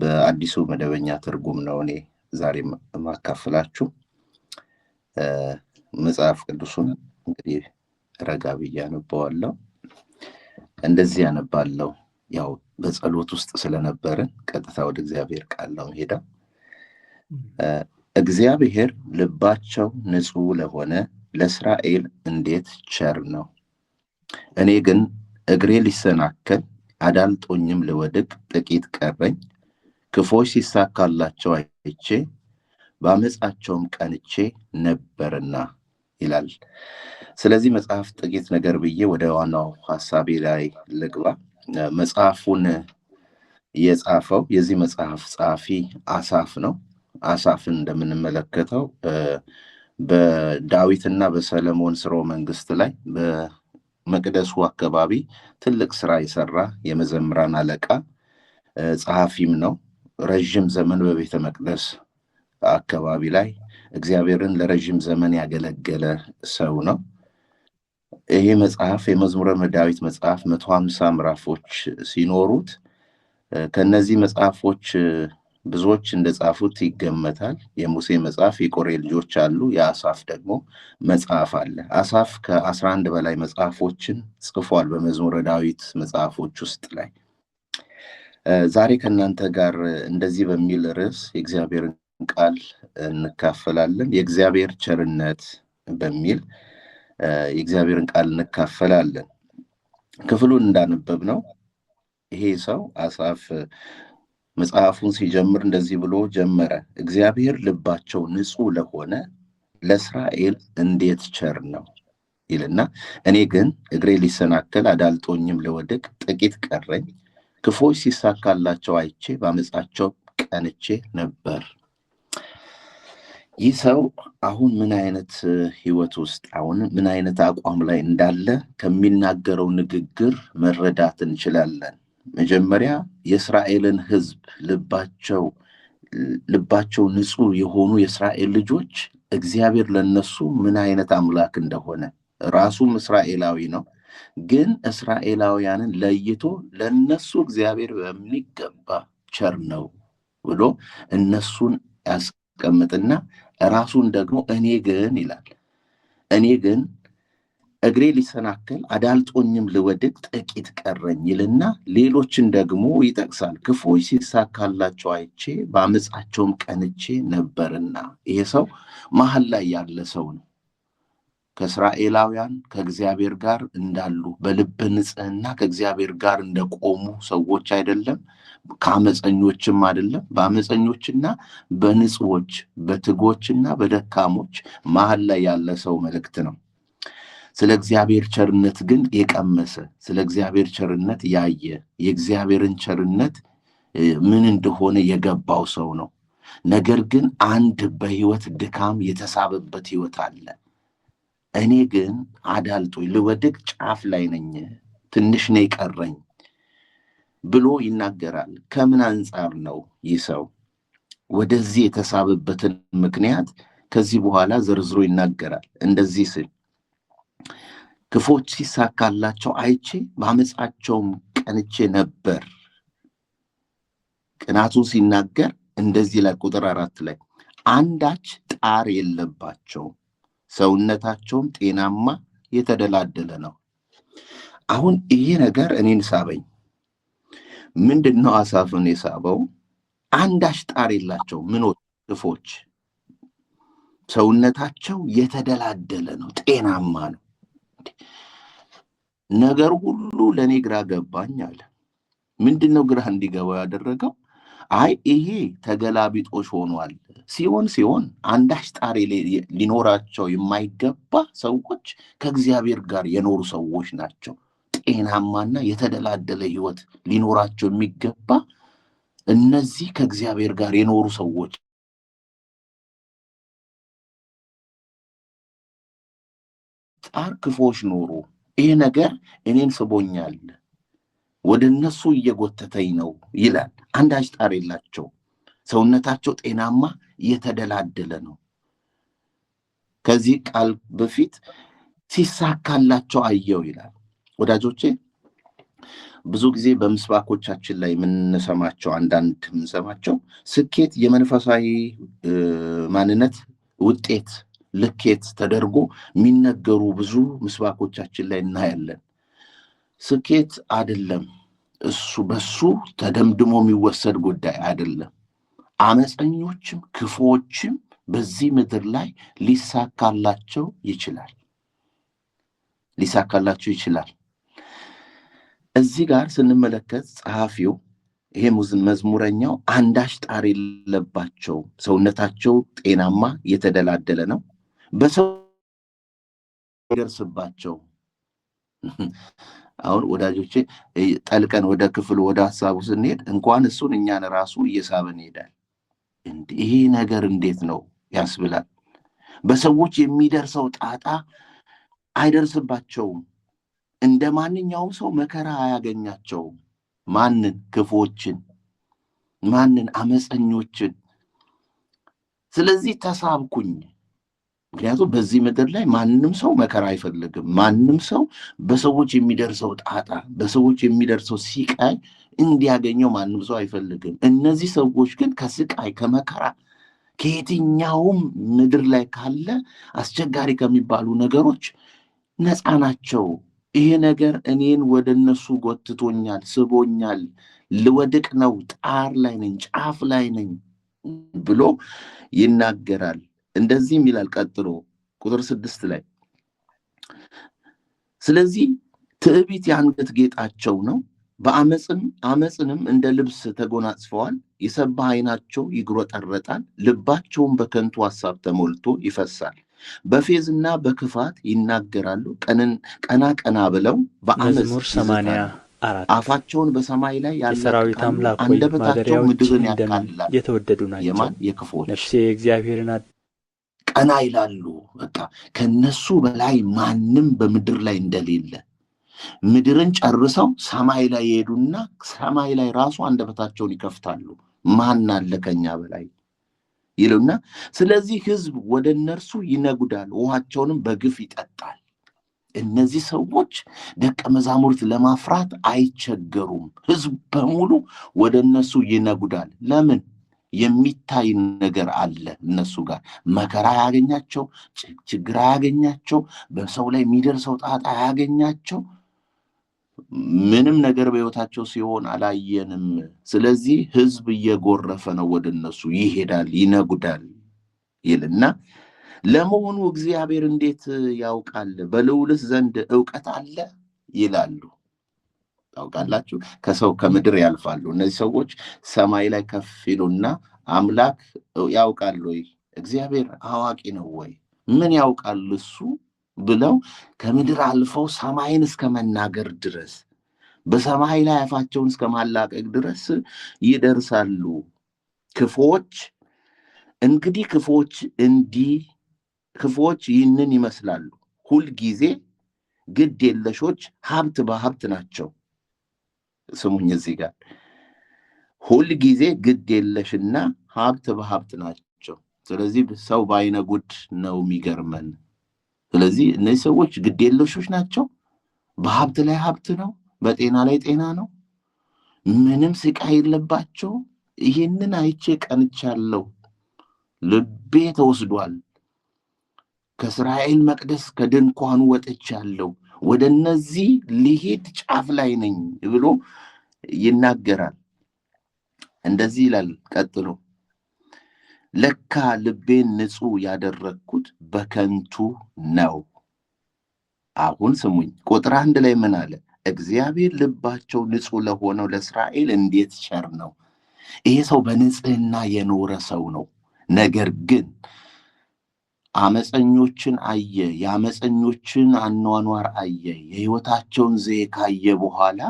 በአዲሱ መደበኛ ትርጉም ነው እኔ ዛሬ ማካፍላችሁ። መጽሐፍ ቅዱሱን እንግዲህ ረጋ ብዬ አነበዋለሁ። እንደዚህ ያነባለው ያው በጸሎት ውስጥ ስለነበርን ቀጥታ ወደ እግዚአብሔር ቃል ነው ሄዳ እግዚአብሔር ልባቸው ንጹሕ ለሆነ ለእስራኤል እንዴት ቸር ነው! እኔ ግን እግሬ ሊሰናከል አዳልጦኝም ልወድቅ ጥቂት ቀረኝ። ክፎች ሲሳካላቸው አይቼ በአመፃቸውም ቀንቼ ነበርና ይላል። ስለዚህ መጽሐፍ ጥቂት ነገር ብዬ ወደ ዋናው ሀሳቤ ላይ ልግባ። መጽሐፉን የጻፈው የዚህ መጽሐፍ ጸሐፊ አሳፍ ነው። አሳፍን እንደምንመለከተው በዳዊትና በሰለሞን ስርወ መንግስት ላይ በመቅደሱ አካባቢ ትልቅ ስራ የሰራ የመዘምራን አለቃ ጸሐፊም ነው። ረዥም ዘመን በቤተ መቅደስ አካባቢ ላይ እግዚአብሔርን ለረዥም ዘመን ያገለገለ ሰው ነው። ይሄ መጽሐፍ የመዝሙረ ዳዊት መጽሐፍ መቶ ሀምሳ ምዕራፎች ሲኖሩት ከነዚህ መጽሐፎች ብዙዎች እንደጻፉት ይገመታል። የሙሴ መጽሐፍ፣ የቆሬ ልጆች አሉ። የአሳፍ ደግሞ መጽሐፍ አለ። አሳፍ ከአስራ አንድ በላይ መጽሐፎችን ጽፏል በመዝሙረ ዳዊት መጽሐፎች ውስጥ ላይ ዛሬ ከእናንተ ጋር እንደዚህ በሚል ርዕስ የእግዚአብሔርን ቃል እንካፈላለን። የእግዚአብሔር ቸርነት በሚል የእግዚአብሔርን ቃል እንካፈላለን። ክፍሉን እንዳነበብ ነው ይሄ ሰው አሳፍ መጽሐፉን ሲጀምር እንደዚህ ብሎ ጀመረ። እግዚአብሔር ልባቸው ንጹሕ ለሆነ ለእስራኤል እንዴት ቸር ነው ይልና እኔ ግን እግሬ ሊሰናከል አዳልጦኝም ለወደቅ ጥቂት ቀረኝ ክፉዎች ሲሳካላቸው አይቼ በአመፃቸው ቀንቼ ነበር። ይህ ሰው አሁን ምን አይነት ህይወት ውስጥ አሁን ምን አይነት አቋም ላይ እንዳለ ከሚናገረው ንግግር መረዳት እንችላለን። መጀመሪያ የእስራኤልን ህዝብ ልባቸው ልባቸው ንጹህ የሆኑ የእስራኤል ልጆች እግዚአብሔር ለነሱ ምን አይነት አምላክ እንደሆነ ራሱም እስራኤላዊ ነው ግን እስራኤላውያንን ለይቶ ለነሱ እግዚአብሔር በሚገባ ቸር ነው ብሎ እነሱን ያስቀምጥና ራሱን ደግሞ እኔ ግን ይላል እኔ ግን እግሬ ሊሰናከል አዳልጦኝም ልወድቅ ጥቂት ቀረኝ ይልና ሌሎችን ደግሞ ይጠቅሳል። ክፎች ሲሳካላቸው አይቼ በአመፃቸውም ቀንቼ ነበርና። ይሄ ሰው መሀል ላይ ያለ ሰው ነው። ከእስራኤላውያን ከእግዚአብሔር ጋር እንዳሉ በልብ ንጽህና ከእግዚአብሔር ጋር እንደቆሙ ሰዎች አይደለም፣ ከአመፀኞችም አይደለም። በአመፀኞችና በንጹዎች በትጎችና በደካሞች መሀል ላይ ያለ ሰው መልእክት ነው። ስለ እግዚአብሔር ቸርነት ግን የቀመሰ ስለ እግዚአብሔር ቸርነት ያየ የእግዚአብሔርን ቸርነት ምን እንደሆነ የገባው ሰው ነው። ነገር ግን አንድ በህይወት ድካም የተሳበበት ህይወት አለ። እኔ ግን አዳልጦኝ ልወድቅ ጫፍ ላይ ነኝ፣ ትንሽ ነው የቀረኝ ብሎ ይናገራል። ከምን አንጻር ነው ይህ ሰው ወደዚህ የተሳበበትን ምክንያት ከዚህ በኋላ ዘርዝሮ ይናገራል። እንደዚህ ስል ክፎች ሲሳካላቸው አይቼ በአመፃቸውም ቀንቼ ነበር። ቅናቱን ሲናገር እንደዚህ ላይ ቁጥር አራት ላይ አንዳች ጣር የለባቸውም ሰውነታቸውም ጤናማ የተደላደለ ነው። አሁን ይሄ ነገር እኔን ሳበኝ። ምንድን ነው አሳፍን የሳበው? አንዳች ጣር የላቸው ምኖች እፎች ሰውነታቸው የተደላደለ ነው፣ ጤናማ ነው። ነገር ሁሉ ለእኔ ግራ ገባኝ አለ። ምንድን ነው ግራ እንዲገባው ያደረገው? አይ ይሄ ተገላቢጦሽ ሆኗል። ሲሆን ሲሆን አንዳች ጣሪ ሊኖራቸው የማይገባ ሰዎች ከእግዚአብሔር ጋር የኖሩ ሰዎች ናቸው። ጤናማና የተደላደለ ህይወት ሊኖራቸው የሚገባ እነዚህ ከእግዚአብሔር ጋር የኖሩ ሰዎች ጣር ክፎች ኖሩ። ይሄ ነገር እኔን ስቦኛል ወደ እነሱ እየጎተተኝ ነው ይላል። አንድ አጭጣር የላቸው። ሰውነታቸው ጤናማ እየተደላደለ ነው። ከዚህ ቃል በፊት ሲሳካላቸው አየው ይላል። ወዳጆቼ ብዙ ጊዜ በምስባኮቻችን ላይ የምንሰማቸው አንዳንድ የምንሰማቸው ስኬት የመንፈሳዊ ማንነት ውጤት ልኬት ተደርጎ የሚነገሩ ብዙ ምስባኮቻችን ላይ እናያለን። ስኬት አይደለም እሱ በሱ ተደምድሞ የሚወሰድ ጉዳይ አይደለም። አመፀኞችም ክፉዎችም በዚህ ምድር ላይ ሊሳካላቸው ይችላል ሊሳካላቸው ይችላል። እዚህ ጋር ስንመለከት ጸሐፊው ይሄ መዝሙረኛው አንዳች ጣር የለባቸው፣ ሰውነታቸው ጤናማ የተደላደለ ነው፣ በሰው ይደርስባቸው አሁን ወዳጆቼ ጠልቀን ወደ ክፍሉ ወደ ሀሳቡ ስንሄድ እንኳን እሱን እኛን ራሱ እየሳበን ይሄዳል። ይሄ ነገር እንዴት ነው ያስብላል። በሰዎች የሚደርሰው ጣጣ አይደርስባቸውም። እንደ ማንኛውም ሰው መከራ አያገኛቸውም። ማንን? ክፎችን፣ ማንን? አመፀኞችን። ስለዚህ ተሳብኩኝ ምክንያቱም በዚህ ምድር ላይ ማንም ሰው መከራ አይፈልግም። ማንም ሰው በሰዎች የሚደርሰው ጣጣ፣ በሰዎች የሚደርሰው ሲቃይ እንዲያገኘው ማንም ሰው አይፈልግም። እነዚህ ሰዎች ግን ከስቃይ ከመከራ ከየትኛውም ምድር ላይ ካለ አስቸጋሪ ከሚባሉ ነገሮች ነፃ ናቸው። ይሄ ነገር እኔን ወደ እነሱ ጎትቶኛል፣ ስቦኛል፣ ልወድቅ ነው፣ ጣር ላይ ነኝ፣ ጫፍ ላይ ነኝ ብሎ ይናገራል። እንደዚህም ይላል ቀጥሎ ቁጥር ስድስት ላይ ስለዚህ ትዕቢት የአንገት ጌጣቸው ነው፣ በአመፅን አመፅንም እንደ ልብስ ተጎናጽፈዋል። የሰባ አይናቸው ይግሮጠረጣል፣ ልባቸውን በከንቱ ሀሳብ ተሞልቶ ይፈሳል። በፌዝና በክፋት ይናገራሉ፣ ቀና ቀና ብለው በአመፅ አፋቸውን በሰማይ ላይ ያሰራዊት አምላክ አንደበታቸው ምድርን ያቃላል የተወደዱ ናቸው የማን የክፉዎች ነፍሴ የእግዚአብሔርን ቀና ይላሉ። በቃ ከነሱ በላይ ማንም በምድር ላይ እንደሌለ ምድርን ጨርሰው ሰማይ ላይ ይሄዱና ሰማይ ላይ ራሱ አንደበታቸውን ይከፍታሉ። ማን አለ ከኛ በላይ ይሉና፣ ስለዚህ ህዝብ ወደ እነርሱ ይነጉዳል፣ ውሃቸውንም በግፍ ይጠጣል። እነዚህ ሰዎች ደቀ መዛሙርት ለማፍራት አይቸገሩም። ህዝብ በሙሉ ወደ እነሱ ይነጉዳል። ለምን? የሚታይ ነገር አለ። እነሱ ጋር መከራ አያገኛቸው፣ ችግር አያገኛቸው፣ በሰው ላይ የሚደርሰው ጣጣ አያገኛቸው። ምንም ነገር በህይወታቸው ሲሆን አላየንም። ስለዚህ ህዝብ እየጎረፈ ነው ወደ እነሱ ይሄዳል፣ ይነጉዳል ይልና ለመሆኑ እግዚአብሔር እንዴት ያውቃል? በልዑልስ ዘንድ እውቀት አለ ይላሉ። ታውቃላችሁ። ከሰው ከምድር ያልፋሉ። እነዚህ ሰዎች ሰማይ ላይ ከፍ ይሉና አምላክ ያውቃል ወይ እግዚአብሔር አዋቂ ነው ወይ ምን ያውቃል እሱ ብለው ከምድር አልፈው ሰማይን እስከ መናገር ድረስ በሰማይ ላይ አፋቸውን እስከ ማላቀቅ ድረስ ይደርሳሉ። ክፎች እንግዲህ ክፎች እንዲህ ክፎች ይህንን ይመስላሉ። ሁልጊዜ ግድ የለሾች ሀብት በሀብት ናቸው። ስሙኝ እዚህ ጋር ሁል ጊዜ ግድ የለሽና ሀብት በሀብት ናቸው። ስለዚህ ሰው በአይነ ጉድ ነው የሚገርመን። ስለዚህ እነዚህ ሰዎች ግድ የለሾች ናቸው። በሀብት ላይ ሀብት ነው፣ በጤና ላይ ጤና ነው። ምንም ስቃይ የለባቸው። ይህንን አይቼ ቀንቻለሁ። ልቤ ተወስዷል። ከእስራኤል መቅደስ ከድንኳኑ ወጥቻለሁ። ወደ እነዚህ ሊሄድ ጫፍ ላይ ነኝ ብሎ ይናገራል። እንደዚህ ይላል ቀጥሎ ለካ ልቤን ንጹሕ ያደረግኩት በከንቱ ነው። አሁን ስሙኝ፣ ቁጥር አንድ ላይ ምን አለ? እግዚአብሔር ልባቸው ንጹሕ ለሆነው ለእስራኤል እንዴት ቸር ነው! ይሄ ሰው በንጽህና የኖረ ሰው ነው። ነገር ግን አመፀኞችን አየ፣ የአመፀኞችን አኗኗር አየ፣ የህይወታቸውን ዘዬ ካየ በኋላ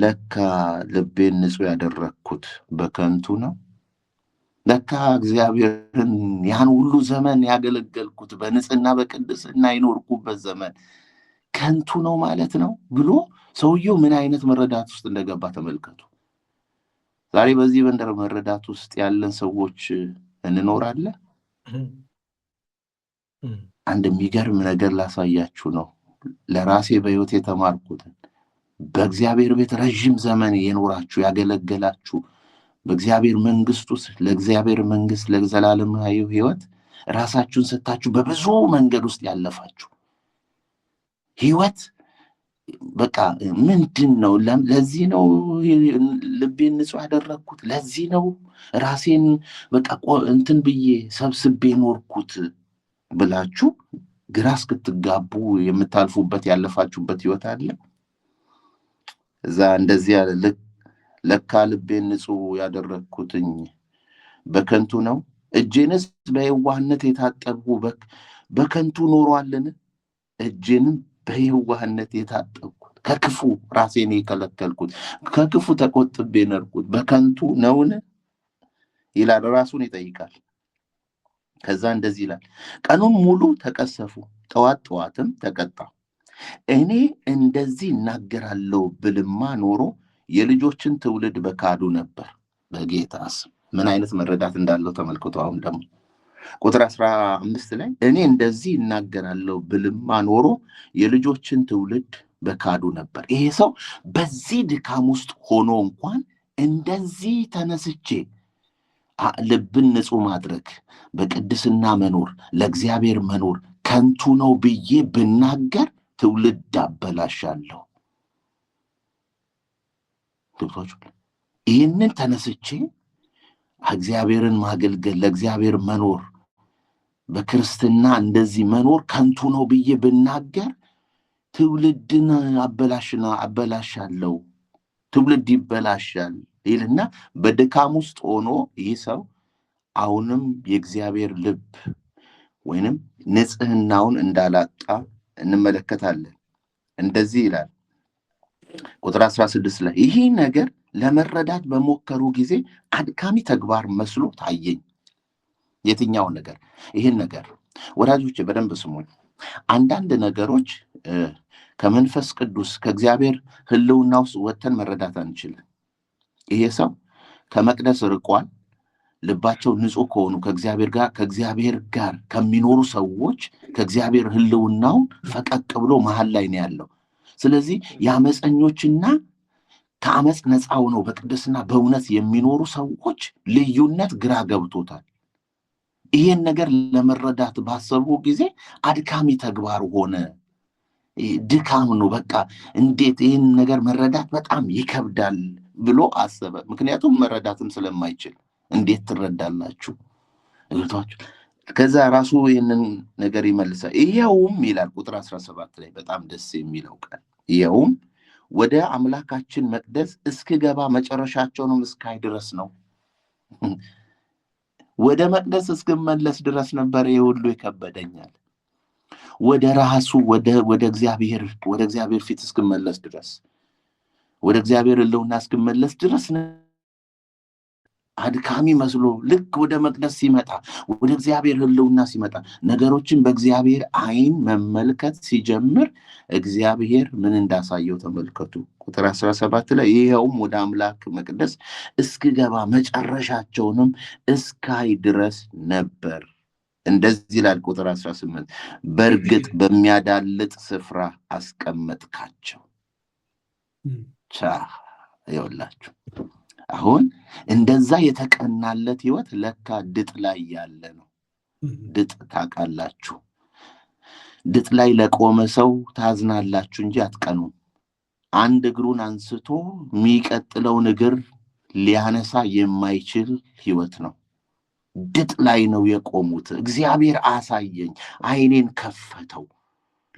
ለካ ልቤን ንጹህ ያደረግኩት በከንቱ ነው፣ ለካ እግዚአብሔርን ያን ሁሉ ዘመን ያገለገልኩት በንጽህና በቅድስና ይኖርኩበት ዘመን ከንቱ ነው ማለት ነው ብሎ ሰውየው ምን አይነት መረዳት ውስጥ እንደገባ ተመልከቱ። ዛሬ በዚህ በንደር መረዳት ውስጥ ያለን ሰዎች እንኖራለን። አንድ የሚገርም ነገር ላሳያችሁ ነው። ለራሴ በህይወት የተማርኩትን በእግዚአብሔር ቤት ረዥም ዘመን የኖራችሁ ያገለገላችሁ በእግዚአብሔር መንግስት ውስጥ ለእግዚአብሔር መንግስት ለዘላለማዊ ህይወት ራሳችሁን ሰታችሁ በብዙ መንገድ ውስጥ ያለፋችሁ ህይወት በቃ ምንድን ነው? ለዚህ ነው ልቤን ንጹህ ያደረግኩት። ለዚህ ነው ራሴን በቃ እንትን ብዬ ሰብስቤ ኖርኩት ብላችሁ ግራ እስክትጋቡ የምታልፉበት ያለፋችሁበት ህይወት አለ። እዛ እንደዚህ ያለ ለካ ልቤን ንጹሕ ያደረግኩትኝ በከንቱ ነው፣ እጄንስ በየዋህነት የታጠብሁ በከንቱ ኖሯልን? እጄንም በየዋህነት የታጠብኩት ከክፉ ራሴን የከለከልኩት ከክፉ ተቆጥቤ ነርኩት በከንቱ ነውን? ይላል። ራሱን ይጠይቃል። ከዛ እንደዚህ ይላል፣ ቀኑን ሙሉ ተቀሰፉ፣ ጠዋት ጠዋትም ተቀጣ። እኔ እንደዚህ እናገራለሁ ብልማ ኖሮ የልጆችን ትውልድ በካዱ ነበር። በጌታስ ምን አይነት መረዳት እንዳለው ተመልክቶ አሁን ደግሞ ቁጥር አስራ አምስት ላይ እኔ እንደዚህ እናገራለሁ ብልማ ኖሮ የልጆችን ትውልድ በካዱ ነበር። ይሄ ሰው በዚህ ድካም ውስጥ ሆኖ እንኳን እንደዚህ ተነስቼ ልብን ንጹህ ማድረግ በቅድስና መኖር ለእግዚአብሔር መኖር ከንቱ ነው ብዬ ብናገር ትውልድ አበላሻለሁ። ግብቶች ይህንን ተነስቼ እግዚአብሔርን ማገልገል ለእግዚአብሔር መኖር በክርስትና እንደዚህ መኖር ከንቱ ነው ብዬ ብናገር ትውልድን አበላሽና አበላሻለሁ። ትውልድ ይበላሻል። ይልና በድካም ውስጥ ሆኖ ይህ ሰው አሁንም የእግዚአብሔር ልብ ወይንም ንጽህናውን እንዳላጣ እንመለከታለን። እንደዚህ ይላል ቁጥር 16 ላይ ይህ ነገር ለመረዳት በሞከሩ ጊዜ አድካሚ ተግባር መስሎ ታየኝ። የትኛው ነገር? ይህን ነገር ወዳጆች በደንብ ስሙኝ። አንዳንድ ነገሮች ከመንፈስ ቅዱስ ከእግዚአብሔር ህልውና ውስጥ ወተን መረዳት አንችልም። ይሄ ሰው ከመቅደስ ርቋል። ልባቸው ንጹህ ከሆኑ ከእግዚአብሔር ጋር ከእግዚአብሔር ጋር ከሚኖሩ ሰዎች ከእግዚአብሔር ህልውናውን ፈቀቅ ብሎ መሀል ላይ ነው ያለው። ስለዚህ የአመፀኞችና ከአመፅ ነፃ ሆነው በቅድስና በእውነት የሚኖሩ ሰዎች ልዩነት ግራ ገብቶታል። ይህን ነገር ለመረዳት ባሰቡ ጊዜ አድካሚ ተግባር ሆነ። ድካም ነው። በቃ እንዴት ይህን ነገር መረዳት በጣም ይከብዳል። ብሎ አሰበ። ምክንያቱም መረዳትም ስለማይችል እንዴት ትረዳላችሁ? እግቷችሁ ከዛ ራሱ ይህንን ነገር ይመልሳል። ይኸውም ይላል ቁጥር አስራ ሰባት ላይ በጣም ደስ የሚለው ቃል ይኸውም ወደ አምላካችን መቅደስ እስክገባ መጨረሻቸውንም እስካይ ድረስ ነው። ወደ መቅደስ እስክመለስ ድረስ ነበር ይህ ሁሉ ይከበደኛል። ወደ ራሱ ወደ እግዚአብሔር ወደ እግዚአብሔር ፊት እስክመለስ ድረስ ወደ እግዚአብሔር ህልውና እስክመለስ ድረስ አድካሚ መስሎ ልክ ወደ መቅደስ ሲመጣ ወደ እግዚአብሔር ህልውና ሲመጣ ነገሮችን በእግዚአብሔር አይን መመልከት ሲጀምር እግዚአብሔር ምን እንዳሳየው ተመልከቱ። ቁጥር 17 ላይ ይኸውም ወደ አምላክ መቅደስ እስክገባ መጨረሻቸውንም እስካይ ድረስ ነበር። እንደዚህ ይላል ቁጥር 18 በእርግጥ በሚያዳልጥ ስፍራ አስቀመጥካቸው። ብቻ ይውላችሁ። አሁን እንደዛ የተቀናለት ህይወት ለካ ድጥ ላይ ያለ ነው። ድጥ ታውቃላችሁ። ድጥ ላይ ለቆመ ሰው ታዝናላችሁ እንጂ አትቀኑ አንድ እግሩን አንስቶ የሚቀጥለውን እግር ሊያነሳ የማይችል ህይወት ነው። ድጥ ላይ ነው የቆሙት። እግዚአብሔር አሳየኝ፣ አይኔን ከፈተው።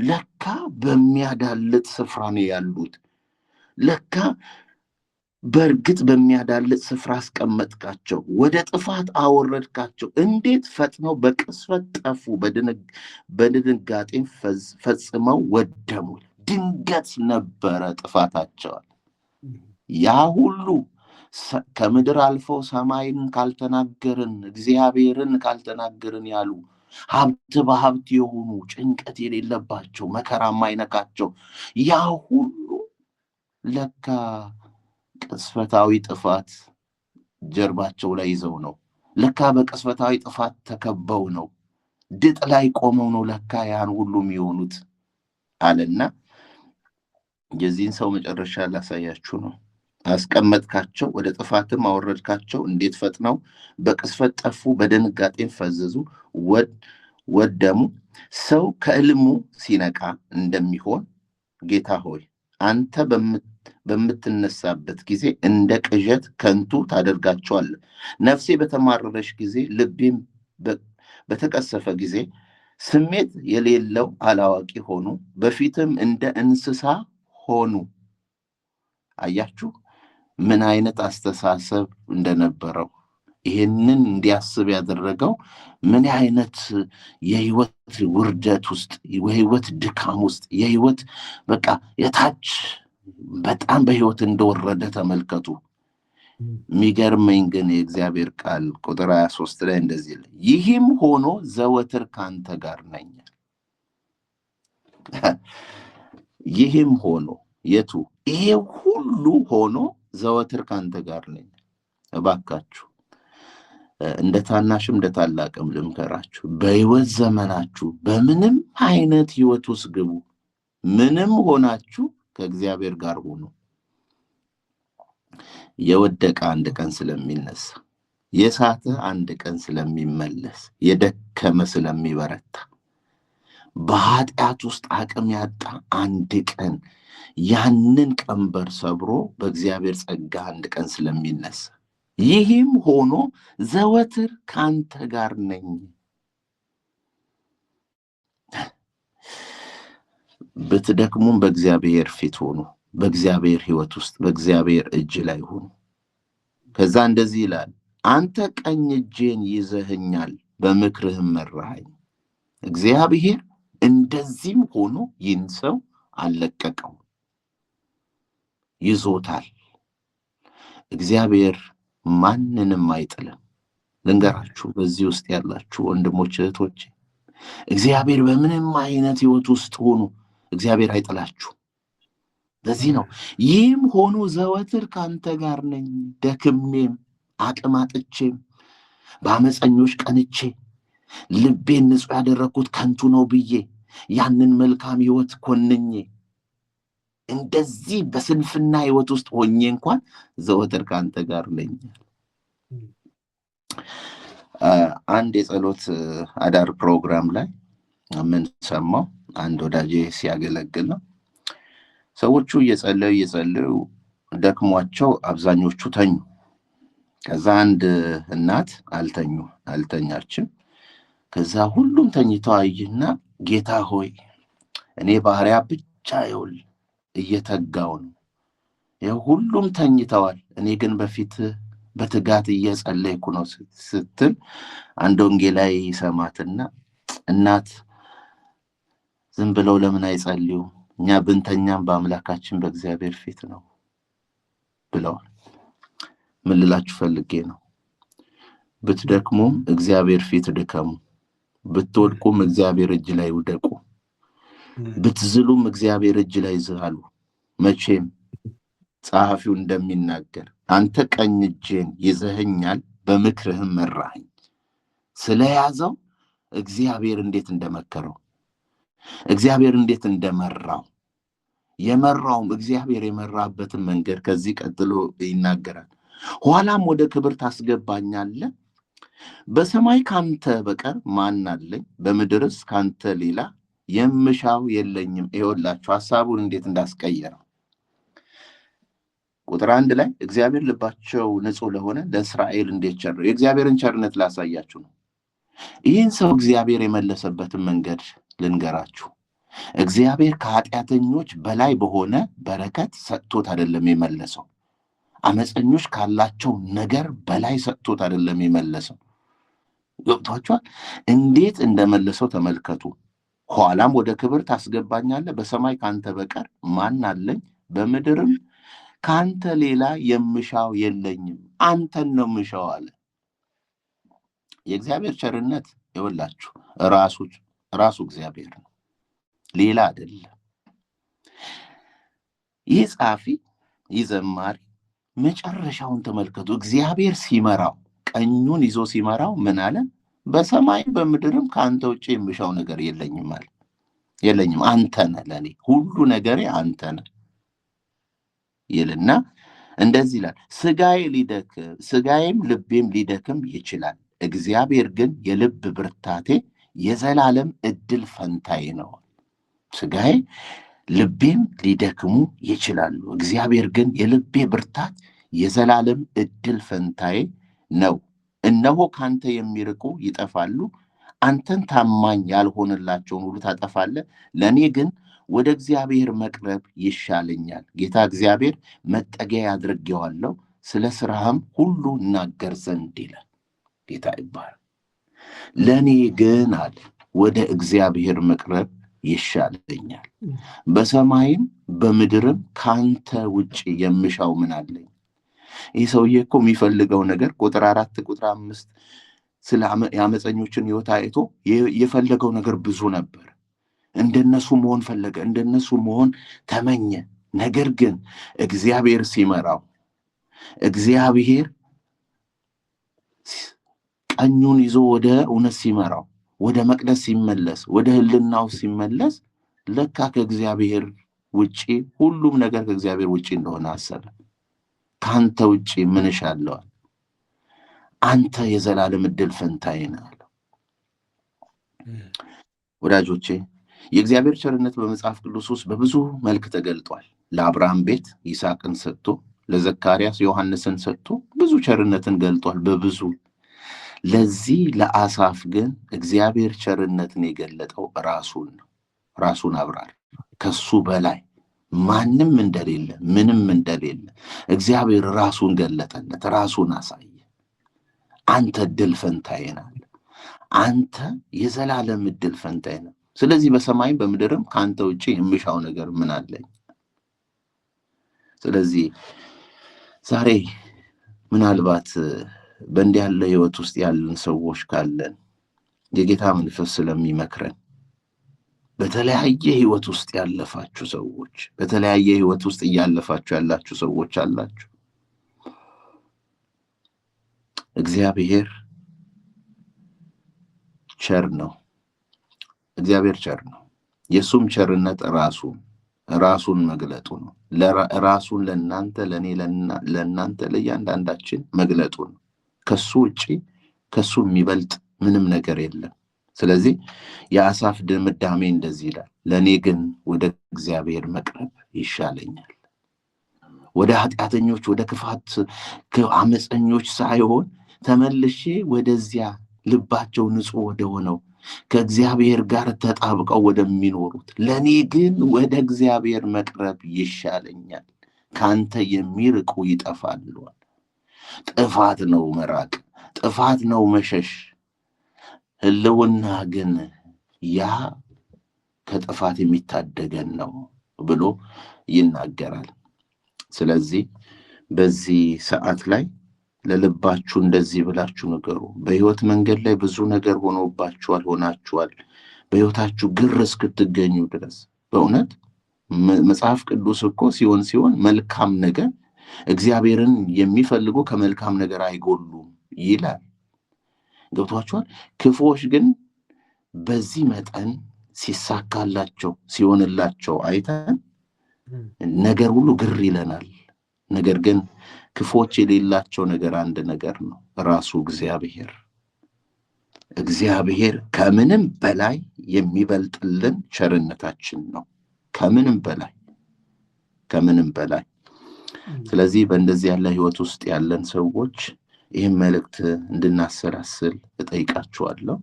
ለካ በሚያዳልጥ ስፍራ ነው ያሉት። ለካ በእርግጥ በሚያዳልጥ ስፍራ አስቀመጥካቸው፣ ወደ ጥፋት አወረድካቸው። እንዴት ፈጥነው በቅስፈት ጠፉ፣ በድንጋጤ ፈጽመው ወደሙ። ድንገት ነበረ ጥፋታቸዋል። ያ ሁሉ ከምድር አልፈው ሰማይን ካልተናገርን እግዚአብሔርን ካልተናገርን ያሉ ሀብት በሀብት የሆኑ ጭንቀት የሌለባቸው መከራ ማይነካቸው ያ ሁሉ ለካ ቅስፈታዊ ጥፋት ጀርባቸው ላይ ይዘው ነው። ለካ በቅስፈታዊ ጥፋት ተከበው ነው። ድጥ ላይ ቆመው ነው ለካ ያን ሁሉ የሚሆኑት አለና የዚህን ሰው መጨረሻ ላሳያችሁ ነው። አስቀመጥካቸው፣ ወደ ጥፋትም አወረድካቸው። እንዴት ፈጥነው በቅስፈት ጠፉ፣ በድንጋጤም ፈዘዙ፣ ወደሙ። ሰው ከእልሙ ሲነቃ እንደሚሆን ጌታ ሆይ አንተ በምትነሳበት ጊዜ እንደ ቅዠት ከንቱ ታደርጋቸዋለህ። ነፍሴ በተማረረች ጊዜ፣ ልቤም በተቀሰፈ ጊዜ ስሜት የሌለው አላዋቂ ሆኑ፣ በፊትም እንደ እንስሳ ሆኑ። አያችሁ ምን አይነት አስተሳሰብ እንደነበረው ይህንን እንዲያስብ ያደረገው ምን አይነት የህይወት ውርደት ውስጥ የህይወት ድካም ውስጥ የህይወት በቃ የታች በጣም በህይወት እንደወረደ ተመልከቱ። የሚገርመኝ ግን የእግዚአብሔር ቃል ቁጥር ሶስት ላይ እንደዚህ ይላል፣ ይህም ሆኖ ዘወትር ከአንተ ጋር ነኝ። ይህም ሆኖ የቱ ይሄ ሁሉ ሆኖ ዘወትር ከአንተ ጋር ነኝ። እባካችሁ እንደ ታናሽም እንደ ታላቅም ልምከራችሁ፣ በህይወት ዘመናችሁ በምንም አይነት ህይወት ውስጥ ግቡ። ምንም ሆናችሁ ከእግዚአብሔር ጋር ሆኑ። የወደቀ አንድ ቀን ስለሚነሳ፣ የሳተ አንድ ቀን ስለሚመለስ፣ የደከመ ስለሚበረታ፣ በኃጢአት ውስጥ አቅም ያጣ አንድ ቀን ያንን ቀንበር ሰብሮ በእግዚአብሔር ጸጋ አንድ ቀን ስለሚነሳ ይህም ሆኖ ዘወትር ካንተ ጋር ነኝ። ብትደክሙም በእግዚአብሔር ፊት ሆኑ፣ በእግዚአብሔር ሕይወት ውስጥ በእግዚአብሔር እጅ ላይ ሆኑ። ከዛ እንደዚህ ይላል፣ አንተ ቀኝ እጄን ይዘህኛል፣ በምክርህም መራሃኝ። እግዚአብሔር እንደዚህም ሆኖ ይህን ሰው ይዞታል። እግዚአብሔር ማንንም አይጥልም። ልንገራችሁ በዚህ ውስጥ ያላችሁ ወንድሞች እህቶች፣ እግዚአብሔር በምንም አይነት ህይወት ውስጥ ሆኑ እግዚአብሔር አይጥላችሁ። በዚህ ነው ይህም ሆኖ ዘወትር ከአንተ ጋር ነኝ፣ ደክሜም አቅማጥቼም በአመፀኞች ቀንቼ ልቤን ንጹሕ ያደረግኩት ከንቱ ነው ብዬ ያንን መልካም ህይወት ኮንኜ እንደዚህ በስንፍና ህይወት ውስጥ ሆኜ እንኳን ዘወትር ከአንተ ጋር ነኝ። አንድ የጸሎት አዳር ፕሮግራም ላይ የምንሰማው ሰማው፣ አንድ ወዳጄ ሲያገለግል ነው። ሰዎቹ እየጸለዩ እየጸለዩ ደክሟቸው አብዛኞቹ ተኙ። ከዛ አንድ እናት አልተኙ አልተኛችም። ከዛ ሁሉም ተኝተው አየና ጌታ ሆይ እኔ ባህሪያ ብቻ ይውል እየተጋው ነው። ይኸው ሁሉም ተኝተዋል፣ እኔ ግን በፊትህ በትጋት እየጸለይኩ ነው ስትል አንድ ወንጌላዊ ይሰማትና እናት ዝም ብለው ለምን አይጸልዩም? እኛ ብንተኛም በአምላካችን በእግዚአብሔር ፊት ነው ብለዋል። ምን ልላችሁ ፈልጌ ነው? ብትደክሙም እግዚአብሔር ፊት ድከሙ፣ ብትወድቁም እግዚአብሔር እጅ ላይ ውደቁ። ብትዝሉም እግዚአብሔር እጅ ላይ ዝሃሉ። መቼም ጸሐፊው እንደሚናገር አንተ ቀኝ እጄን ይዘህኛል፣ በምክርህም መራህኝ። ስለያዘው እግዚአብሔር እንዴት እንደመከረው እግዚአብሔር እንዴት እንደመራው የመራውም እግዚአብሔር የመራበትን መንገድ ከዚህ ቀጥሎ ይናገራል። ኋላም ወደ ክብር ታስገባኛለህ። በሰማይ ካንተ በቀር ማን አለኝ? በምድርስ ካንተ ሌላ የምሻው የለኝም። ይኸውላችሁ ሀሳቡን እንዴት እንዳስቀየረው ቁጥር አንድ ላይ እግዚአብሔር ልባቸው ንጹህ ለሆነ ለእስራኤል እንዴት ቸር የእግዚአብሔርን ቸርነት ላሳያችሁ ነው። ይህን ሰው እግዚአብሔር የመለሰበትን መንገድ ልንገራችሁ። እግዚአብሔር ከኃጢአተኞች በላይ በሆነ በረከት ሰጥቶት አይደለም የመለሰው። አመፀኞች ካላቸው ነገር በላይ ሰጥቶት አይደለም የመለሰው። ገብቷችኋል? እንዴት እንደመለሰው ተመልከቱ። ኋላም ወደ ክብር ታስገባኛለህ። በሰማይ ከአንተ በቀር ማን አለኝ? በምድርም ከአንተ ሌላ የምሻው የለኝም፣ አንተን ነው ምሻው አለ። የእግዚአብሔር ቸርነት የወላችሁ ራሱ ራሱ እግዚአብሔር ነው፣ ሌላ አይደለም። ይህ ጸሐፊ ይህ ዘማሪ መጨረሻውን ተመልከቱ። እግዚአብሔር ሲመራው ቀኙን ይዞ ሲመራው ምን አለን? በሰማይም በምድርም ከአንተ ውጭ የሚሻው ነገር የለኝም አለ። የለኝም አንተ ነህ ለእኔ ሁሉ ነገሬ አንተ ነህ ይልና እንደዚህ ይላል፣ ስጋዬ ሊደክም ስጋዬም ልቤም ሊደክም ይችላል፣ እግዚአብሔር ግን የልብ ብርታቴ የዘላለም እድል ፈንታዬ ነው። ስጋዬ ልቤም ሊደክሙ ይችላሉ፣ እግዚአብሔር ግን የልቤ ብርታት የዘላለም እድል ፈንታዬ ነው። እነሆ ካንተ የሚርቁ ይጠፋሉ፣ አንተን ታማኝ ያልሆንላቸውን ሁሉ ታጠፋለ። ለእኔ ግን ወደ እግዚአብሔር መቅረብ ይሻለኛል። ጌታ እግዚአብሔር መጠጊያ ያድርጌዋለሁ፣ ስለ ስራህም ሁሉ እናገር ዘንድ ይላል። ጌታ ይባል። ለእኔ ግን አለ ወደ እግዚአብሔር መቅረብ ይሻለኛል፣ በሰማይም በምድርም ካንተ ውጭ የምሻው ምን አለኝ? ይህ ሰውዬ እኮ የሚፈልገው ነገር ቁጥር አራት ቁጥር አምስት ስለ የአመፀኞችን ህይወት አይቶ የፈለገው ነገር ብዙ ነበር እንደነሱ መሆን ፈለገ እንደነሱ መሆን ተመኘ ነገር ግን እግዚአብሔር ሲመራው እግዚአብሔር ቀኙን ይዞ ወደ እውነት ሲመራው ወደ መቅደስ ሲመለስ ወደ ህልናው ሲመለስ ለካ ከእግዚአብሔር ውጪ ሁሉም ነገር ከእግዚአብሔር ውጪ እንደሆነ አሰበ ከአንተ ውጭ ምን እሻለዋል? አንተ የዘላለም እድል ፈንታዬ ነህ አለው። ወዳጆቼ የእግዚአብሔር ቸርነት በመጽሐፍ ቅዱስ ውስጥ በብዙ መልክ ተገልጧል። ለአብርሃም ቤት ይስሐቅን ሰጥቶ፣ ለዘካርያስ ዮሐንስን ሰጥቶ ብዙ ቸርነትን ገልጧል በብዙ ለዚህ ለአሳፍ ግን እግዚአብሔር ቸርነትን የገለጠው ራሱን ነው። ራሱን አብራር ከሱ በላይ ማንም እንደሌለ ምንም እንደሌለ እግዚአብሔር ራሱን ገለጠለት፣ ራሱን አሳየ። አንተ እድል ፈንታይናል አንተ የዘላለም እድል ፈንታይ ነው። ስለዚህ በሰማይ በምድርም ከአንተ ውጭ የምሻው ነገር ምን አለኝ? ስለዚህ ዛሬ ምናልባት በእንዲህ ያለ ህይወት ውስጥ ያለን ሰዎች ካለን የጌታ መንፈስ ስለሚመክረን በተለያየ ህይወት ውስጥ ያለፋችሁ ሰዎች በተለያየ ህይወት ውስጥ እያለፋችሁ ያላችሁ ሰዎች አላችሁ እግዚአብሔር ቸር ነው እግዚአብሔር ቸር ነው የእሱም ቸርነት ራሱን ራሱን መግለጡ ነው ራሱን ለእናንተ ለእኔ ለእናንተ ለእያንዳንዳችን መግለጡ ነው ከሱ ውጭ ከሱ የሚበልጥ ምንም ነገር የለም ስለዚህ የአሳፍ ድምዳሜ እንደዚህ ይላል፣ ለእኔ ግን ወደ እግዚአብሔር መቅረብ ይሻለኛል። ወደ ኃጢአተኞች፣ ወደ ክፋት አመፀኞች ሳይሆን ተመልሼ ወደዚያ ልባቸው ንጹሕ ወደሆነው ከእግዚአብሔር ጋር ተጣብቀው ወደሚኖሩት ለእኔ ግን ወደ እግዚአብሔር መቅረብ ይሻለኛል። ከአንተ የሚርቁ ይጠፋሉ። ጥፋት ነው መራቅ፣ ጥፋት ነው መሸሽ ህልውና ግን ያ ከጥፋት የሚታደገን ነው ብሎ ይናገራል። ስለዚህ በዚህ ሰዓት ላይ ለልባችሁ እንደዚህ ብላችሁ ንገሩ። በህይወት መንገድ ላይ ብዙ ነገር ሆኖባችኋል፣ ሆናችኋል በህይወታችሁ ግር እስክትገኙ ድረስ በእውነት መጽሐፍ ቅዱስ እኮ ሲሆን ሲሆን መልካም ነገር እግዚአብሔርን የሚፈልጉ ከመልካም ነገር አይጎሉም ይላል። ገብቷቸዋል ክፉዎች ግን በዚህ መጠን ሲሳካላቸው ሲሆንላቸው አይተን ነገር ሁሉ ግር ይለናል። ነገር ግን ክፎች የሌላቸው ነገር አንድ ነገር ነው፣ ራሱ እግዚአብሔር። እግዚአብሔር ከምንም በላይ የሚበልጥልን ቸርነታችን ነው። ከምንም በላይ ከምንም በላይ ስለዚህ በእንደዚህ ያለ ህይወት ውስጥ ያለን ሰዎች ይህም መልእክት እንድናሰላስል እጠይቃችኋለሁ።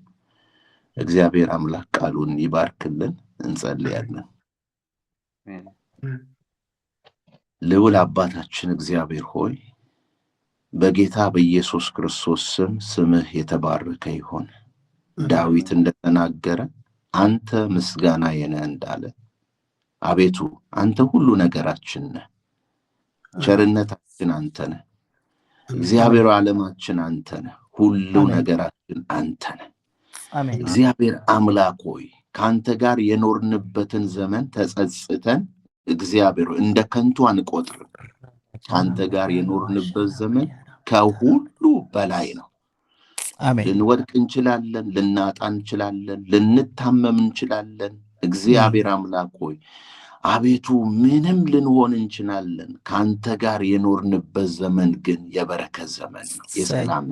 እግዚአብሔር አምላክ ቃሉን ይባርክልን። እንጸልያለን። ልውል አባታችን እግዚአብሔር ሆይ በጌታ በኢየሱስ ክርስቶስ ስም ስምህ የተባረከ ይሆን። ዳዊት እንደተናገረ አንተ ምስጋና የነ እንዳለ አቤቱ አንተ ሁሉ ነገራችን ነህ፣ ቸርነታችን አንተ ነህ፣ እግዚአብሔር ዓለማችን አንተ ነህ፣ ሁሉ ነገራችን አንተ ነህ። እግዚአብሔር አምላክ ሆይ ከአንተ ጋር የኖርንበትን ዘመን ተጸጽተን እግዚአብሔር እንደ ከንቱ አንቆጥር። ከአንተ ጋር የኖርንበት ዘመን ከሁሉ በላይ ነው። ልንወድቅ እንችላለን፣ ልናጣ እንችላለን፣ ልንታመም እንችላለን። እግዚአብሔር አምላክ ሆይ አቤቱ ምንም ልንሆን እንችላለን፣ ከአንተ ጋር የኖርንበት ዘመን ግን የበረከት ዘመን ነው፣ የሰላም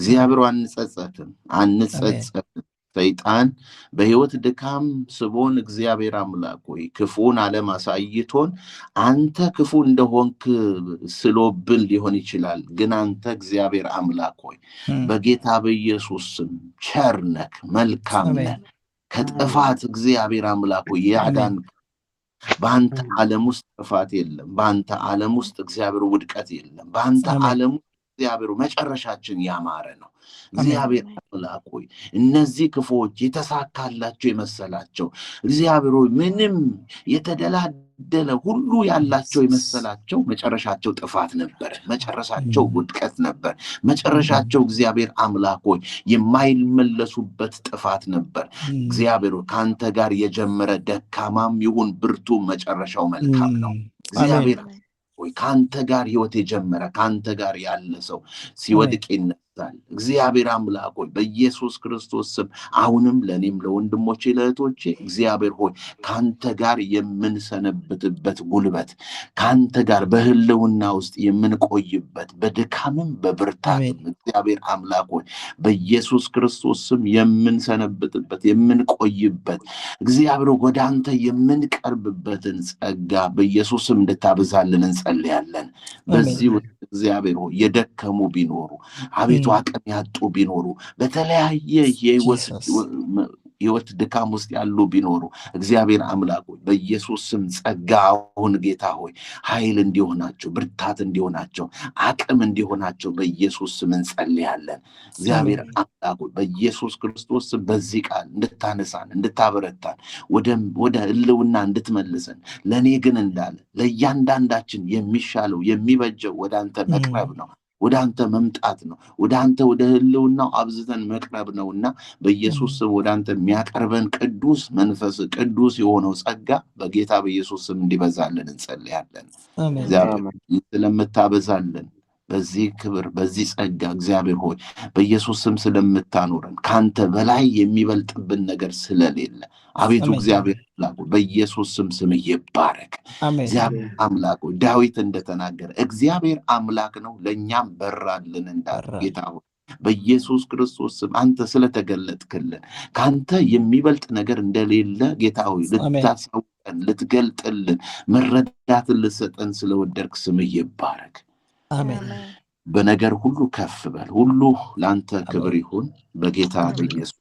እግዚአብሔሩ። አንጸጸትም አንጸጸትም። ሰይጣን በህይወት ድካም ስቦን፣ እግዚአብሔር አምላክ ሆይ ክፉን ዓለም አሳይቶን አንተ ክፉ እንደሆንክ ስሎብን ሊሆን ይችላል። ግን አንተ እግዚአብሔር አምላክ ሆይ በጌታ በኢየሱስ ስም ቸርነክ፣ መልካም ነህ። ከጥፋት እግዚአብሔር አምላክ ሆይ ያዳንክ በአንተ ዓለም ውስጥ ጥፋት የለም። በአንተ ዓለም ውስጥ እግዚአብሔር ውድቀት የለም። በአንተ ዓለም ውስጥ እግዚአብሔር መጨረሻችን ያማረ ነው። እግዚአብሔር አምላክ ሆይ እነዚህ ክፉዎች የተሳካላቸው የመሰላቸው እግዚአብሔር ሆይ ምንም የተደላደ የበደለ ሁሉ ያላቸው የመሰላቸው መጨረሻቸው ጥፋት ነበር። መጨረሻቸው mm. ውድቀት ነበር። መጨረሻቸው እግዚአብሔር አምላኮች የማይመለሱበት ጥፋት ነበር። mm. እግዚአብሔር ከአንተ ጋር የጀመረ ደካማም ይሁን ብርቱ መጨረሻው መልካም ነው። mm. እግዚአብሔር ከአንተ ጋር ህይወት የጀመረ ከአንተ ጋር ያለ ሰው ሲወድቅ ይፈታል። እግዚአብሔር አምላክ ሆይ በኢየሱስ ክርስቶስ ስም አሁንም ለእኔም ለወንድሞቼ ለእህቶቼ እግዚአብሔር ሆይ ከአንተ ጋር የምንሰነብትበት ጉልበት ከአንተ ጋር በህልውና ውስጥ የምንቆይበት በድካምም በብርታትም እግዚአብሔር አምላክ ሆይ በኢየሱስ ክርስቶስ ስም የምንሰነብትበት የምንቆይበት እግዚአብሔር ወደ አንተ የምንቀርብበትን ጸጋ በኢየሱስም እንድታበዛልን እንጸልያለን። በዚህ እግዚአብሔር ሆይ የደከሙ ቢኖሩ አቤቱ አቅም ያጡ ቢኖሩ በተለያየ የህይወት ድካም ውስጥ ያሉ ቢኖሩ እግዚአብሔር አምላክ ሆይ በኢየሱስ ስም ጸጋ አሁን ጌታ ሆይ ኃይል እንዲሆናቸው ብርታት እንዲሆናቸው አቅም እንዲሆናቸው በኢየሱስ ስም እንጸልያለን። እግዚአብሔር አምላክ ሆይ በኢየሱስ ክርስቶስ ስም በዚህ ቃል እንድታነሳን እንድታበረታን፣ ወደ ህልውና እንድትመልሰን ለእኔ ግን እንዳለ ለእያንዳንዳችን የሚሻለው የሚበጀው ወደ አንተ መቅረብ ነው። ወደ አንተ መምጣት ነው። ወደ አንተ ወደ ህልውናው አብዝተን መቅረብ ነው እና በኢየሱስ ስም ወደ አንተ የሚያቀርበን ቅዱስ መንፈስ ቅዱስ የሆነው ጸጋ በጌታ በኢየሱስ ስም እንዲበዛልን እንጸልያለን። ስለምታበዛልን በዚህ ክብር በዚህ ጸጋ እግዚአብሔር ሆይ በኢየሱስ ስም ስለምታኖረን ከአንተ በላይ የሚበልጥብን ነገር ስለሌለ አቤቱ እግዚአብሔር አምላክ በኢየሱስ ስም ስም ይባረክ። እግዚአብሔር አምላክ ዳዊት እንደተናገረ እግዚአብሔር አምላክ ነው ለእኛም በራልን እንዳለ ጌታ ሆይ በኢየሱስ ክርስቶስ ስም አንተ ስለተገለጥክልን ከአንተ የሚበልጥ ነገር እንደሌለ ጌታ ሆይ ልታሳውቀን፣ ልትገልጥልን፣ መረዳትን ልሰጠን ስለወደድክ ስም ይባረክ። አሜን። በነገር ሁሉ ከፍ በል። ሁሉ ለአንተ ክብር ይሁን በጌታ በኢየሱስ